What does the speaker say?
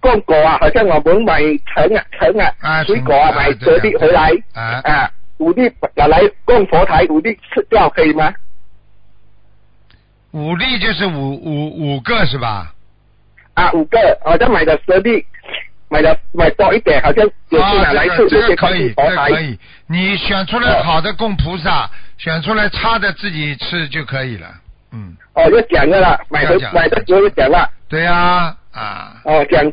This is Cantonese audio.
供果啊，好像我們買橙啊橙啊，啊，水果啊，啊買咗的回來。啊，啊，啊五粒拿來供佛台，五粒吃掉可以嗎？五粒就是五五五個是吧？啊五個，好像買的十粒，買了買多一點，或者要買出幾？啊，這、那個這個可以，這個、可以。你選出來好的供菩薩，啊、選出來差的自己吃就可以了。嗯，哦，要揀噶啦，買得買得多就揀了，對呀、啊，啊，哦揀。